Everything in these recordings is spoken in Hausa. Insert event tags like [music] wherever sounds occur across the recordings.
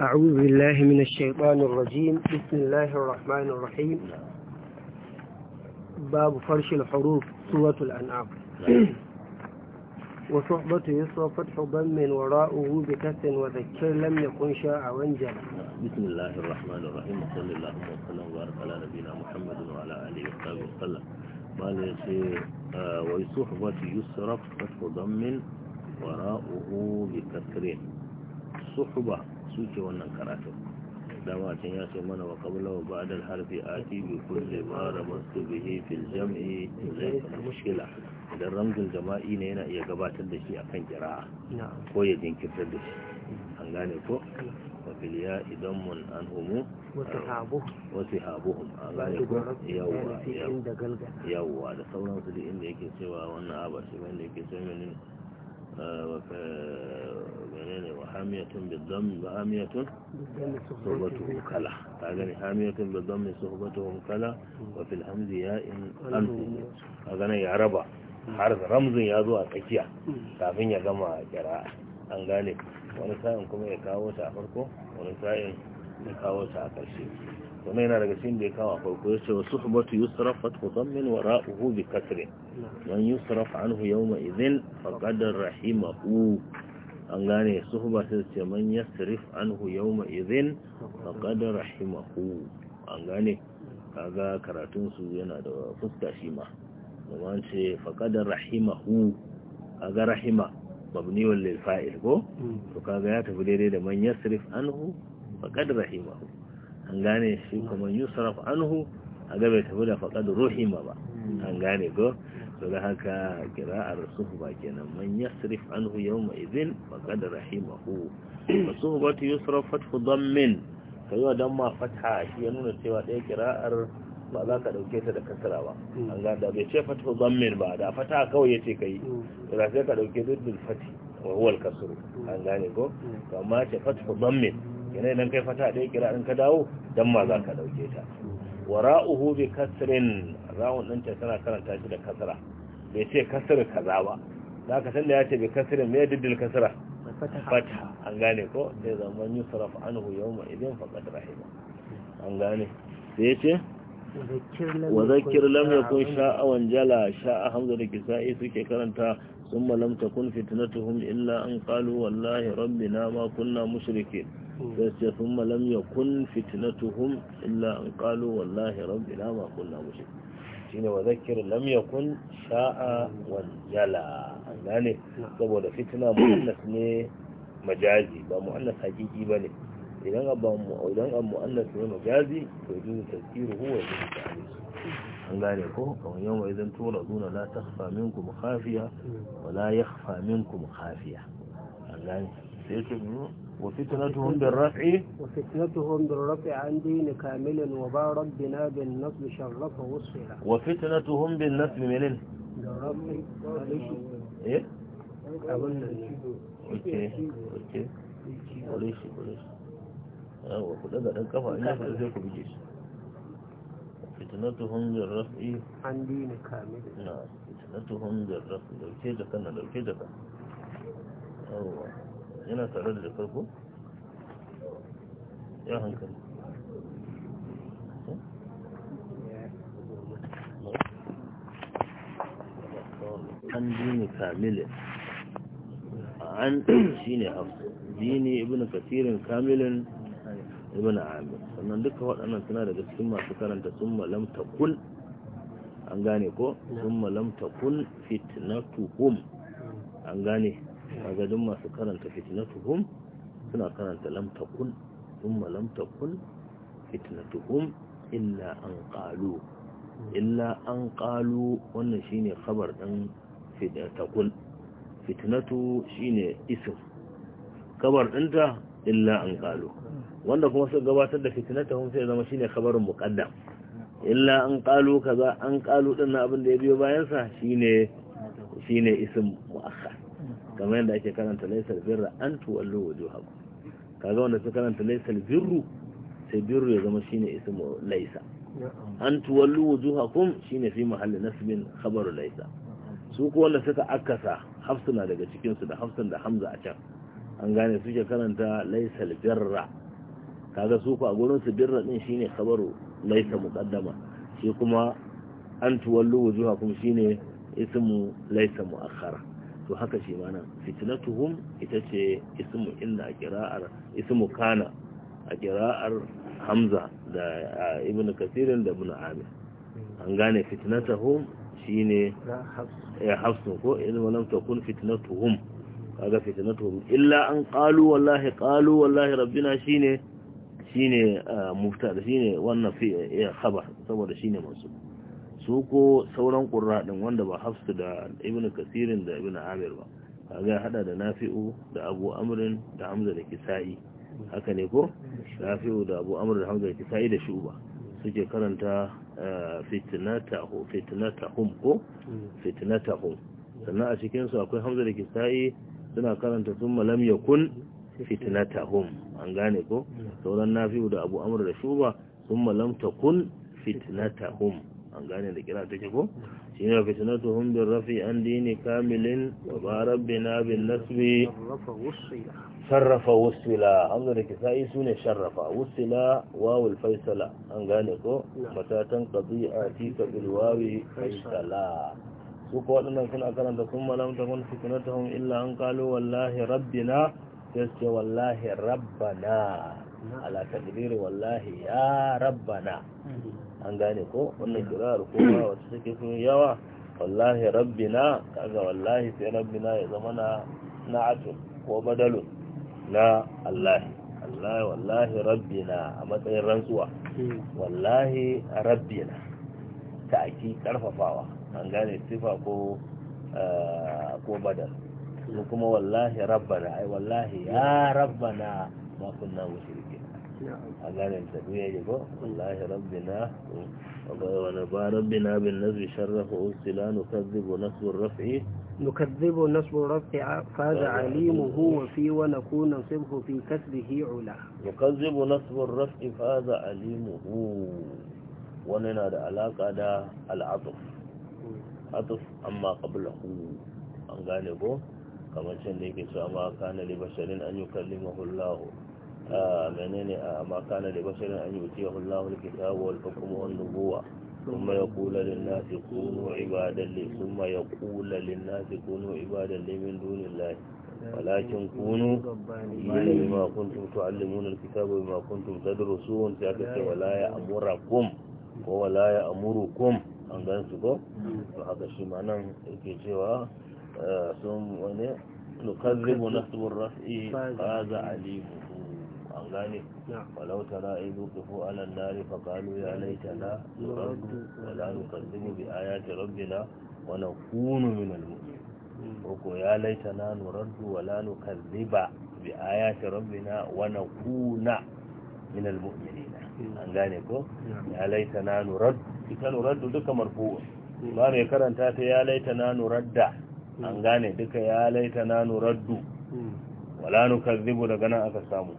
أعوذ بالله من الشيطان الرجيم بسم الله الرحمن الرحيم باب فرش الحروف سورة الأنعام وصحبة يسرى فتح ضم وراءه بكسر وذكر لم يكن شاء وانجل بسم الله الرحمن الرحيم وصلى الله وسلم وبارك على نبينا محمد وعلى آله وصحبه وسلم قال آه، وصحبة يسرى فتح ضم وراءه بكسر صحبة suke wannan karatun dama can ya ce mana wa kabla wa ba'da al-harfi ati bi kulli ma ramastu bihi fil jam'i laysa mushkila idan ramzul jama'i ne yana iya gabatar da shi akan jira ko ya jinkirtar da shi mm. an gane ko wa fil ya idan mun an humu wa sihabuhum an gane ko yawwa yawwa da sauran su da inda yake cewa wannan aba wanda yake cewa min eh, menene wa hamiyatun bidzam wa hamiyatun suhbatuhum kala ta gani hamiyatun bidzam suhbatuhum kala wa fil hamzi ya in alfu ka gani ya raba har ramzin ya zo a tsakiya kafin ya gama kira an gane wani sa'in kuma ya kawo ta a farko wani sa'in ya kawo ta a ƙarshe wannan yana daga cikin da ya kawo a farko ya ce wa suhbatu yusraf fa tudammin wara'uhu bi kasri man yusraf anhu yawma idhin faqad rahimahu an gane ba sai ce man yasrif anhu yawma idhin faqad rahimahu an gane kaga karatun su yana da fuska shi ma domin ce faqad rahimahu kaga rahima mabni wal lil fa'il ko hmm. to kaga ya tafi daidai da man yasrif anhu faqad rahimahu an gane shi kuma yusraf anhu kaga bai tafi da faqad ruhima ba hmm. an gane ko saboda haka kira'ar suhba kenan man yasrif anhu yawma idhin faqad rahimahu suhbatu yusraf fathu dammin kai wa damma fatha shi ya nuna cewa ɗaya kira'ar ba za ka ɗauke ta da kasara ba hmm. an ga da bai ce fathu dammin ba da fata kawai yace kai hmm. da sai ka ɗauke duddul fati wa huwa al-kasr hmm. an gane ko amma ce fathu dammin kenan idan kai fata ɗaya kira'ar ka dawo damma za ka ɗauke ta wara'uhu bi kasrin rawun ɗinta tana karanta shi da kasara bai ce kasar kaza ba za ka san da ya ce bai kasar mai diddil kasara fata an gane ko sai zama yi sarraf an huyau ma idan da rahima an gane sai ya ce wa zakir lam sha'awan jala sha'a hamza da kisa'i suke karanta ثم لم تكن فتنتهم إلا أن قالوا والله ربنا ما كنا مشركين ثم لم يكن فتنتهم illa an kalu, wallahi ربنا ما kunna مشركين shine wa zakir lam yakun sha'a wal jala an gane saboda fitina muannas ne majazi ba muannas hakiki bane idan abban mu idan an muannas ne majazi to yuzu tazkiru huwa yuzu ta'alis an gane ko kamar yau mai zan tura duna la takhfa minkum khafiya wa la yakhfa minkum khafiya an gane sai ce mu hmm, وفتنتهم بالرفع وفتنتهم بالرفع عن دين كامل وبارك بنا بالنصب شرفه وصفنا وفتنتهم بالنصب منين بالرفع ايه اقول اوكي اوكي قولي شي قولي كده ده كفا ina fa zai ku bige shi fitnatuhum birraf'i an dini kamil na fitnatuhum birraf'i dauke da kana yana tare da farko ya hankali an dini kamilin an shi ne hafsu dini ibn kasirin kamilin ibn amir sannan duka waɗannan suna daga cikin masu karanta sun malam takun an gane ko sun malam fitna tuhum, an gane kaga duk masu karanta fitnatuhum suna karanta lam takun thumma lam takun fitnatuhum illa an qalu illa an qalu wannan shine khabar din fitnatakun fitnatu shine isim khabar dinta illa an qalu wanda kuma suka gabatar da fitnatuhum sai zama shine khabarun muqaddam illa an qalu kaza an qalu din abin da ya biyo bayan sa shine shine isim kamar yadda ake karanta laisal birra an tuwallu wujuhakum kaga wanda suka karanta laisal birru sai birru ya zama shine ismu laisa an tuwallu wujuhakum shine fi mahalli nasbin khabaru laisa su ko wanda suka akasa hafsuna daga cikin su da hafsun da hamza a can an gane suke karanta laisal birra kaga su ko a gurin su birra din shine khabaru laisa muqaddama shi kuma an tuwallu wujuhakum shine ismu laisa muakhara to haka shi mana fitnatuhum ita ce ismu inda a kira'ar ismu kana a kira'ar hamza da ibn kasirin da ibn amir an gane fitnatuhum shine ya hafsun ko in wani takun fitnatuhum kaga fitnatuhum illa an kalu wallahi kalu wallahi rabbina shine shine shi shine wannan fi eh, khabar saboda shine masu. su ko sauran ƙurra ɗin wanda ba hafsu da ibn kasirin da ibn amir ba kaga ya hada da nafi'u da abu amrin da hamza da kisa'i haka ne ko nafi'u da abu amrin da hamza da kisa'i da shuba suke karanta eh, fitnatahum hum ko hum. sannan a cikinsu akwai hamza da kisa'i suna karanta sun ya kun yakun hum. an gane ko sauran nafi'u da abu amrin da shuba ta kun takun hum. an gane da kira take ko shi ne ka sanar da hundun rafi an dini kamilin wa ba rabbi na bin nasbi Sharrafa wusila hamza da kisa'i su ne sharrafa wusila wawul faisala an gane ko matatan qadi'a fi kabil wawi faisala su ko waɗannan suna karanta sun malam ta kun fitinatahum illa an qalu wallahi rabbina sai wallahi rabbana ala takdiri wallahi ya rabbana an gane ko wannan hmm. kirar kuma wata take sun yawa wallahi rabbina kaga wallahi sai rabbina ya zama na na'atun ko badalun na allahi allahi wallahi rabbina a matsayin rantsuwa hmm. wallahi rabbina ta aki karfafawa an gane sifa ko eh, ko badal kuma wallahi rabbana ai wallahi ya rabbana ma kunna mushrikin ne ganin tafiya yi ba wallahi rabbina wa naba rabbina bin nazbi sharrafa usila nukazzibu nasbun raf'i nukazzibu nasbun raf'i faza alimuhu wa fi wa nakuna sibhu fi kasbihi ula nukazzibu nasbun raf'i faza alimuhu wani na da alaka da al'atuf atuf amma qablahu an gane ko kamar can da yake cewa ma kana li basharin an yukallimahu Allah menene a makana da bashirin an yi wuce Allahul kitabu wal nubuwa ثم يقول للناس كونوا عبادا لي ثم يقول للناس كونوا عبادا لي من دون الله ولكن كونوا بما كنتم تعلمون الكتاب وبما كنتم تدرسون تاكت ولا يأمركم ولا يأمركم an gan su ko to haka shi ma nan yake cewa sun wani nukazzibu nasu raf'i qaza alimu an gane walau tara idu kufu alan nari fa qalu ya laitana nuraddu wa la nukazzibu bi ayati rabbina wa nakunu min al ko ya laitana nuraddu wa la nukazziba bi ayati rabbina wa nakuna min al an gane ko ya na nuraddu ita nuraddu duka marfu'a ba mai karanta ta ya na nuradda an gane duka ya na nuraddu wala nukazzibu daga nan aka samu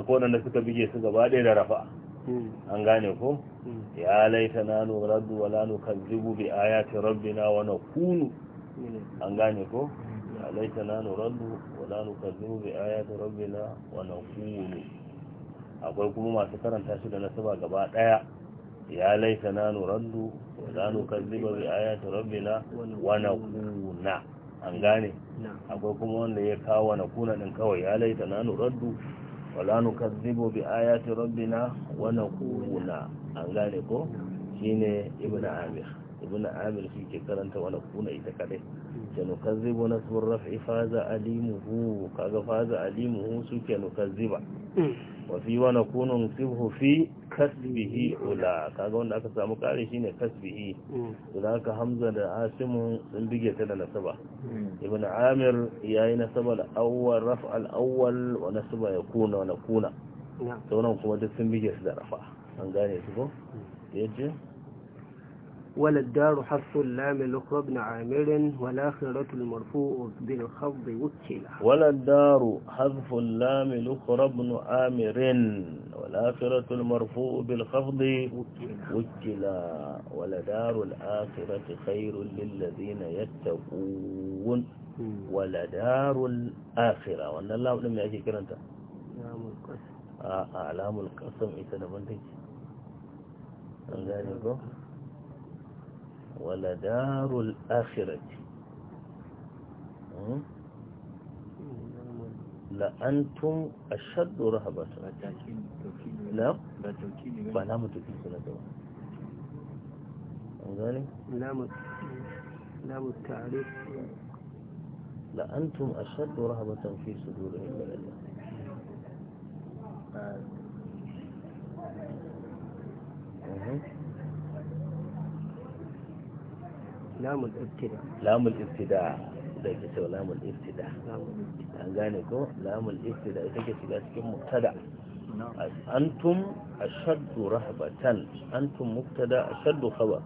akwai wanda suka bige su gaba ɗaya da rafa hmm. an gane ko hmm. ya laita na nuraddu wa la nukazzibu bi ayati rabbina wa nakunu hmm. an gane ko ya laita na nuraddu wa la nukazzibu bi ayati rabbina wa nakunu akwai kuma masu karanta shi da nasaba gaba ɗaya ya laita na nuraddu wa la nukazzibu bi ayati rabbina wa nakuna an gane akwai kuma wanda ya kawo kuna din kawai ya laita na nuraddu wala nukazzibu bi ayati rabbina wa naquluna an gane ko shine ibn amir ibn amir shi ke karanta wa naquluna ita kadai ce nukazzibu nasbur raf'i faza alimuhu kaga faza alimuhu suke nukazziba wafi wani kunun sibhu fi kasbihi ula kaga wanda aka samu kare shi ne kasbihi ula aka hamza da asimun sun bige ta da nasaba ibn amir ya yi nasaba da awwal raf awwal wa nasaba ya kuna wani kuna sauran kuma duk sun bige su da rafa an gane su ko ya ولا الدار حرف اللام الأخرى ابن عامر والآخرة المرفوع بالخفض وكلا ولا الدار حذف اللام الأخرى ابن عامر والآخرة المرفوع بالخفض وكلا ولدار الآخرة خير للذين يتقون ولدار الآخرة وأن الله لم يأتي كرنتا نعم آه، أعلام القسم أعلام القسم إتنا بنتج أنزاني ولدار الآخرة لأنتم أشد رهبة لا لا تكيل سنة ذلك لا لام التعريف لأنتم أشد رهبة في صدورهم من الله Mm-hmm. lamul ibtida lamul ibtida da ke sau lamul ibtida an gane ko lamul ibtida ita ke shiga cikin muktada. antum ashaddu rahabatan. antum muktada ashaddu khabar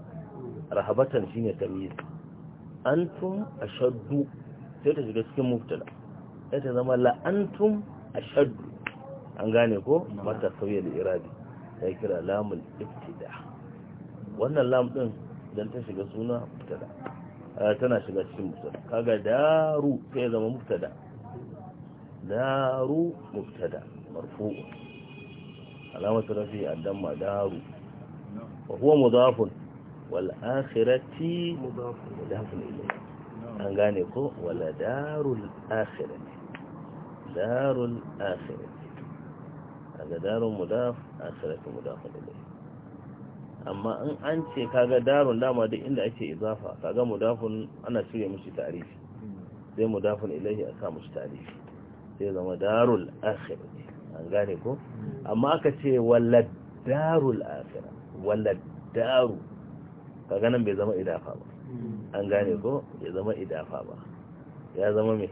rahabatan shine tamyiz antum ashaddu sai ta shiga cikin muktada. sai ta zama la antum ashaddu an gane ko mata sauye da iradi sai kira lamul ibtida wannan lam din idan ta shiga suna mutada tana shiga cikin mutada kaga daru sai zama mutada daru mutada marfu ta rafi damma daru wa huwa mudafun wal akhirati mudafun ilayhi an gane ko wala darul akhirati darul akhirati kaga darul mudaf akhirati mudafun ilayhi amma in an ce kaga darun dama duk inda ake izafa kaga mudafun ana shirya mushi tarihi sai mudafun ilahi a sa mishi tarihi sai zama darul akhir an gane ko amma aka ce wallad darul akhir wallad daru kaga nan bai zama idafa ba an gane ko bai zama idafa ba ya zama me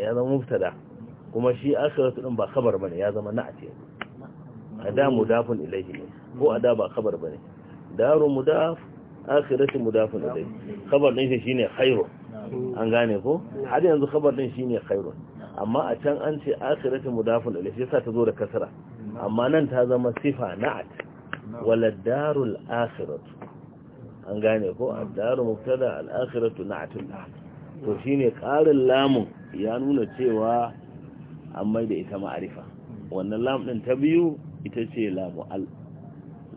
ya zama mubtada kuma shi akhiratu din ba khabar bane ya zama na'ati ada mudafun ilaihi ko ada ba khabar bane daru mudaf akhiratu mudafun ilaihi khabar din shi shine khairu an gane ko har yanzu khabar din shine khairu amma a can an ce akhiratu mudafun ilaihi sai ta zo da kasra amma nan ta zama sifa na'at wala darul akhiratu an gane ko ad-daru mubtada al-akhiratu na'atun to shine karin lamun ya nuna cewa an mai da ita ma'arifa wannan lam din ta biyu ita ce lamu al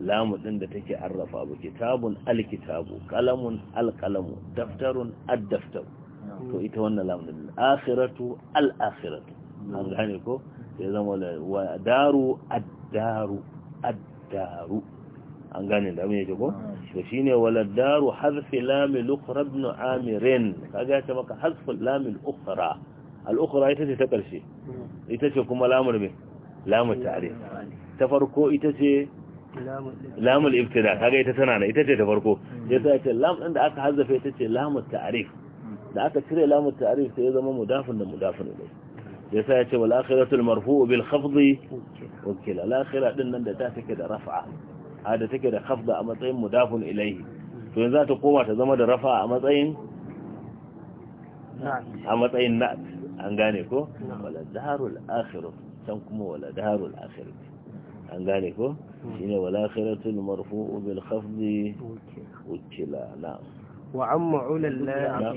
lamu din da take arrafa ba kitabun alkitabu kalamun alkalamu daftarun addaftar to ita wannan lamu din akhiratu alakhiratu an gane ko ya zama wa daru addaru addaru an gane da mai jiko ko hmm. to shine wala daru hazfi lam al amirin kaga ta maka hazfi lam al-ukhra al-ukhra ita ce ta karshe hmm. ita ce kuma lamu ne lamu ta'rif ta farko ita ce lamul ibtida kaga ita tana nan ita ce ta farko yasa ce lam din da aka hazzafe ita ce lamul ta'rif da aka cire lamul ta'rif sai ya zama mudafin da mudafin ilayhi yasa yace wal akhiratul marfu'u bil khafd wakila al akhira din nan da ta take da raf'a a da take da khafda a matsayin mudafin ilayhi to yanzu za ta koma ta zama da rafa a matsayin a matsayin na'at an gane ko wala darul akhirah can kuma wala darul akhirah an gane ko shine wal akhiratul marfu bil khafdi ukila na'am wa amma ulalla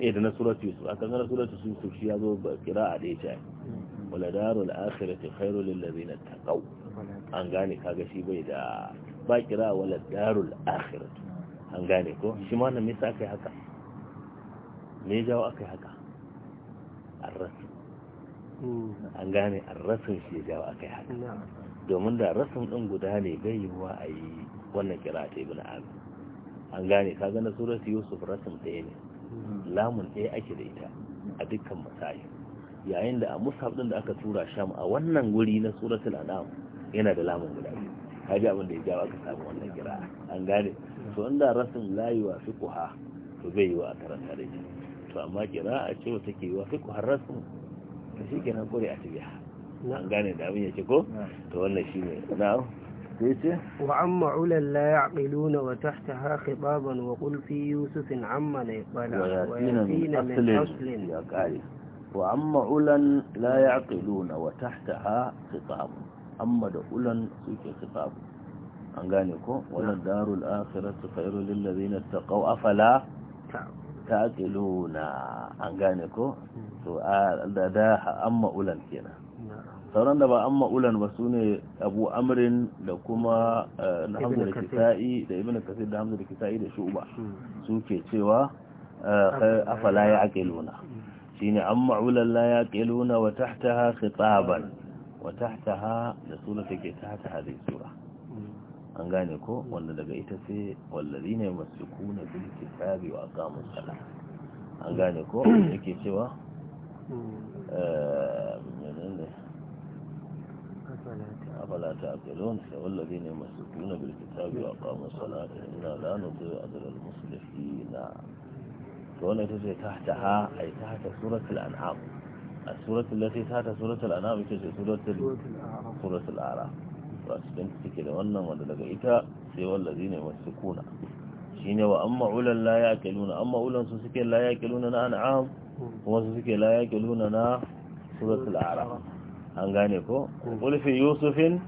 eh da na surati yusuf akan na surati yusuf shi yazo ba qira'a da ita wala darul akhirati khairul lil na taqaw an gane kaga shi bai da ba kira wala darul akhirati an gane ko shi ma na me sa yi haka me jawo yi haka arrasu an gane an rasin shi ya jawo aka yi haka domin da rasin ɗin guda ne bai yiwuwa a yi wannan kira ta ibn abu an gane ka gane surat yusuf rasin ɗaya ne hmm. lamun ɗaya ake da ita a dukkan masayi yayin da a musab ɗin da aka tura sham a wannan guri na surat anam yana da lamun guda ne kaji abin da ya jawo aka samu wannan kira an gane to inda rasin layi wa fi kuha to bai wa a karanta da ita to amma kira a ce wata ke yi wa fi kuha rasin ta shi kenan kure a tabi na gane da abin yake ko to wannan shi ne na yace wa amma ulal la yaqiluna wa tahtaha khibaban wa amma la yaqiluna min aslin ya qali wa amma ulan la yaqiluna wa tahtaha khibab da ulan an afala taqiluna an gane ko hmm. to da da amma ulan kenan sauran da ba amma ulan ba su ne abu amrin da kuma eh, na hamza da kisa'i da ibn kasir da hamza da kisa'i da shuba hmm. su ke cewa eh, eh, afala ya shi shine amma ulan la ya aqiluna wa tahtaha khitaban wa ha da suna take tahta zai sura an gane ko wanda daga ita sai wallazi ne masu na bilki sabi wa kamun sala an gane ko yake cewa a falata a ne masu kamun ina na ita sai ta ta ha a ta ta suratul an'am a suratul ta suratul an'am ita ce suratul ba su dan take da wannan wanda daga ita sai wallazi ne wasu kuna shi ne wa amma ulan la ya ke luna amma ma'ulan su suke la ya ke luna na an'am kuma su suke la ya ke luna na surat al'ara an gane ko kulfi yusufin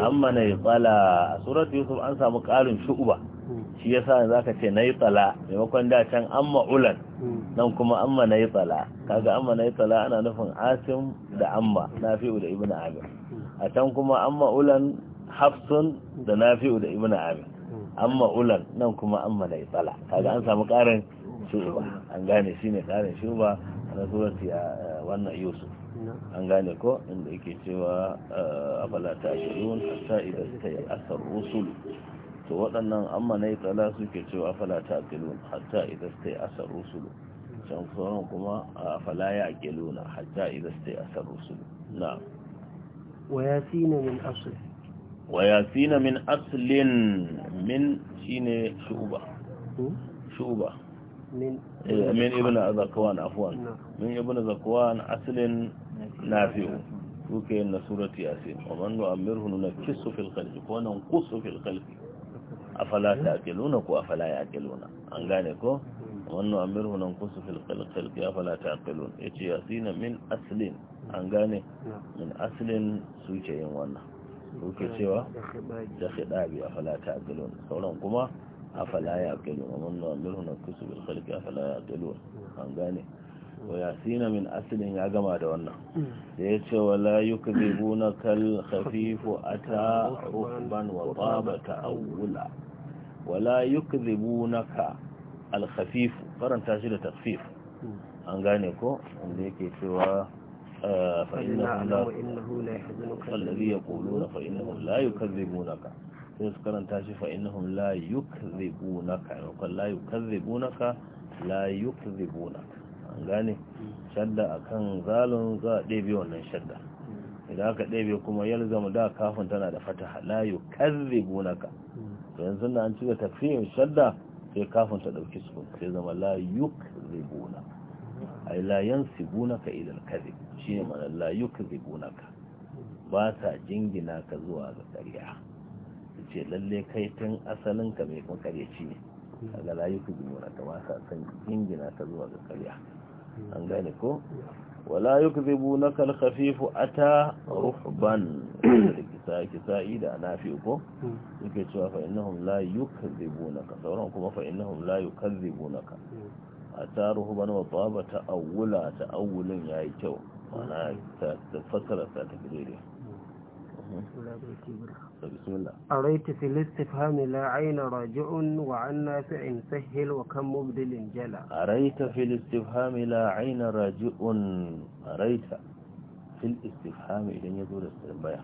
amma na yutsala a surat yusuf an samu karin shu'uba shi ya sa za ka ce na tsala maimakon da can amma ulan nan kuma amma na tsala kaga amma na tsala ana nufin asim da amma na fi'u da ibn abin a can kuma amma ulan hafsun da nafi'u da ibn amin amma ulan nan kuma amma da tsala kaga an samu karin shuba an gane shi ne karin shuba na surati wannan yusuf an gane ko inda yake cewa a ta shirun hatta idan ta yi asar usul to waɗannan amma na itsala suke cewa a ta akilun hatta idan ta yi asar usul can sauran kuma a ya na hatta idan ta yi asar usul na'am wayasina min min aslin min shine shuba shuba min ibn azakwan afwan min ibn azakwan aslin nafi'u kuke na surati yasin wa man nu'ammirhu nunkisu fil qalbi wa nanqusu fil qalbi afala ta'qiluna ku afala ya'qiluna an gane ko wa man nu'ammirhu nunkisu fil qalbi afala ta'qilun yace yasin min aslin an gane in asalin suke yin wannan suke cewa da bi a falata a galon sauran kuma a falaya a galon a wannan wannan kusu bil khalqi a falaya a galon an gane ya sina min asalin ya gama da wannan da hmm. ya ce wala yi na kal a ata ruhban wa taba ta'awula wala yukdibunaka al alhafifu? faranta shi da tafif hmm. an gane ko wanda yake cewa فإنهم لا الذي يقولون فإنهم لا يكذبونك يذكرن تاشي لا يكذبونك لا يكذبونك لا يكذبونك gane shadda akan zalun za a ɗebe wannan shadda idan aka ɗebe kuma yalzama da kafin tana da fataha la yukazzibunaka yanzu na an ci da tafiyar shadda sai kafin ta ɗauki sukun sai zama la yukazzibunaka ay la yansibunaka ila al shi ne ma'ana la yukdhibunaka ba sa jingina ka zuwa ga ƙarya ce lalle kai tun asalin ka mai kuma ƙaryaci ne kaga la ka ba sa san jingina ka zuwa ga ƙarya an gane ko wala ka al-khafif ata ruhban kisa kisai na nafi ko yake cewa fa innahum la ka sauran kuma fa innahum la ka أثاره من وطابة ba تأولا awula ta وانا ya yi بسم الله أريت في الاستفهام لا عين راجع وعن نافع سهل وكم مبدل جلا أريت في الاستفهام لا عين راجع أريت في الاستفهام إذن يدور السلبية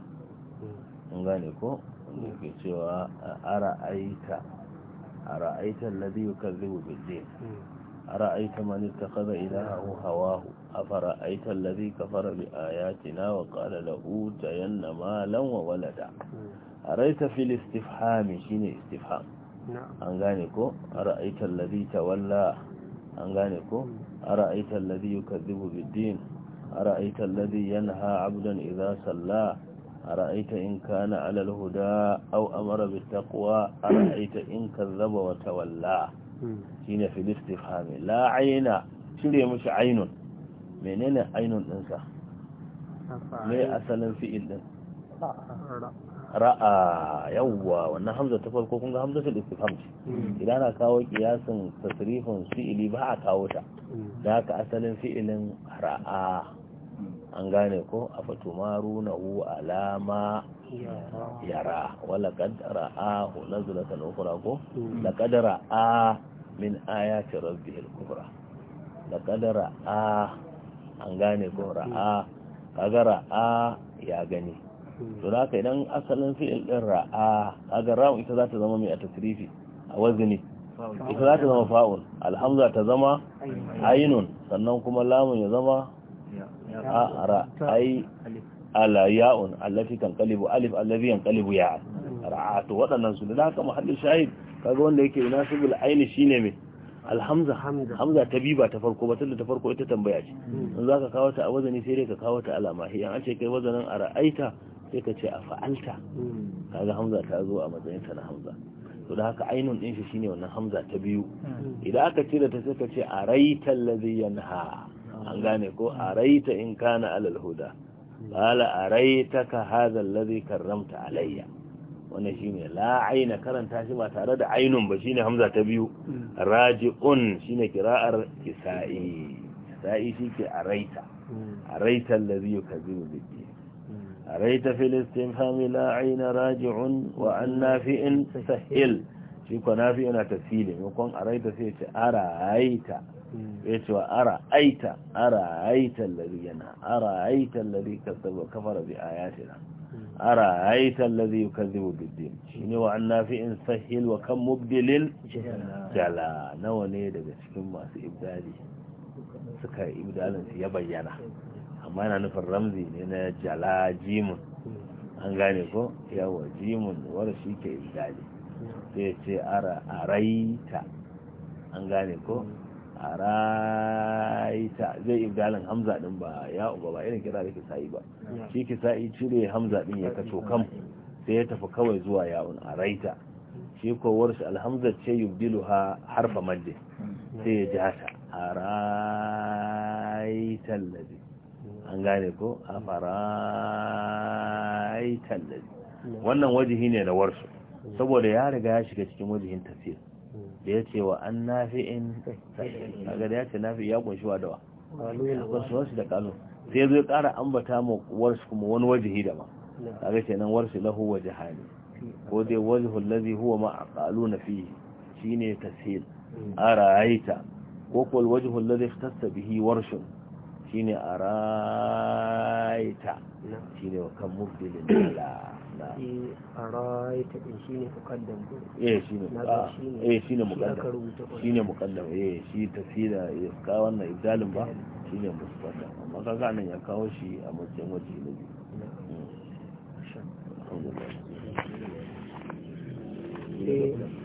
نغانيكو نكي سوى أرأيت أرأيت الذي يكذب بالدين أرأيت من اتخذ إلهه هواه أفرأيت الذي كفر بآياتنا وقال له تين مالا وولدا أرأيت في الاستفهام شين استفهام أنغانيكو أرأيت الذي تولى أنغانيكو أرأيت الذي يكذب بالدين أرأيت الذي ينهى عبدا إذا صلى أرأيت إن كان على الهدى أو أمر بالتقوى أرأيت إن كذب وتولى shine fil istifhami la aina cire mushi ainun menene ainun dinsa me asalin fi'il din ra'a yawwa wannan hamza ta farko kun ga hamzatul istifham ce hmm. idan ana kawo kiyasin tasrifin fi'ili ba a kawo ta hmm. da haka asalin fi'ilin ra'a an gane ko a fatumaru na hu alama yara wala kadara a zula ta ukura ko da kadara a min ta rabbi hulkura da kadara a an gane ko hmm. ra'a kaga ra'a ya gani hmm. to da haka idan asalin fi'il din ra'a kaga ra'un ita za ta zama mai a a wazini ita za ta zama fa'un alhamza ta zama ainun sannan kuma lamun ya zama a ra ai ala ya'un allati tanqalibu alif allazi yanqalibu ya'an ra'a to waɗannan su da haka muhallin shahid kaga wanda yake munasibul aini shine me alhamza hamza ta biba ta farko ba tunda ta farko ita tambaya ce hmm. in zaka kawo ta a wazani sai dai ka kawo ta alama hi an ce kai wazanin a ra'aita sai ka ce a fa'alta hmm. kaga hamza ta zo a matsayin ta na hamza to da haka ainun din shi shine wannan hamza ta biyu hmm. idan aka cire ta sai ka ce a raital ladhi yanha an gane ko hmm. araita in kana alal huda hmm. qala ka hadha alladhi karramta alayya wani shine la aina karanta shi ba tare da ainun ba shine hamza ta biyu hmm. raji'un shine kira'ar isa'i isa'i shike araita araita allazi yukazibu biddi araita fil istinfami la aina raji'un wa anna fi'in sahil shi ko nafi yana tafsili maimakon araita sai ce araita ya ce wa ara aita ara aita lari yana ara aita lari kazzaba kafara bi na. ara aita lari yukazzibu biddin shine wa in sahil wa kan mubdilin jala nawa ne daga cikin masu ibdali suka ibdalin su ya bayyana amma yana nufin ramzi ne na jala jimun an gane ko yawa jimun wadda shi ke ibdali sai ce ara araita an gane ko araita zai ibdalin hamza din ba ya uba ba irin kira da kisa'i ba shi kisa'i cire hamza din ya kaso kam sai ya tafi kawai zuwa ya'un araita shi ko shi alhamza ce ha harfa madde sai ya ja ta araita allazi an gane ko a faraita allazi wannan wajihi ne da warsu saboda ya riga ya shiga cikin wajihin tafiya. da ya ce wa an nafi'in a da ya ce nafi ya kunshi wa dawa wasu da kalu sai zai kara ambata ma warsu kuma wani wajihi da ma kaga ce nan warsu lahu hali ko dai waje hulazi huwa ma a na fi aqaluna fihi shine tashil ta ko kuwa wajhu allazi ta bihi warsu shine a raita shine wa kan da [coughs] dala a eh, raita din shine mukaddam eh ah, shine eh shine mukaddam shine mukaddam eh shi tafsira ya eh, ka wannan ibdalin ba shine mukaddam amma kaga nan ya kawo shi a matsayin waje na Thank hmm. you.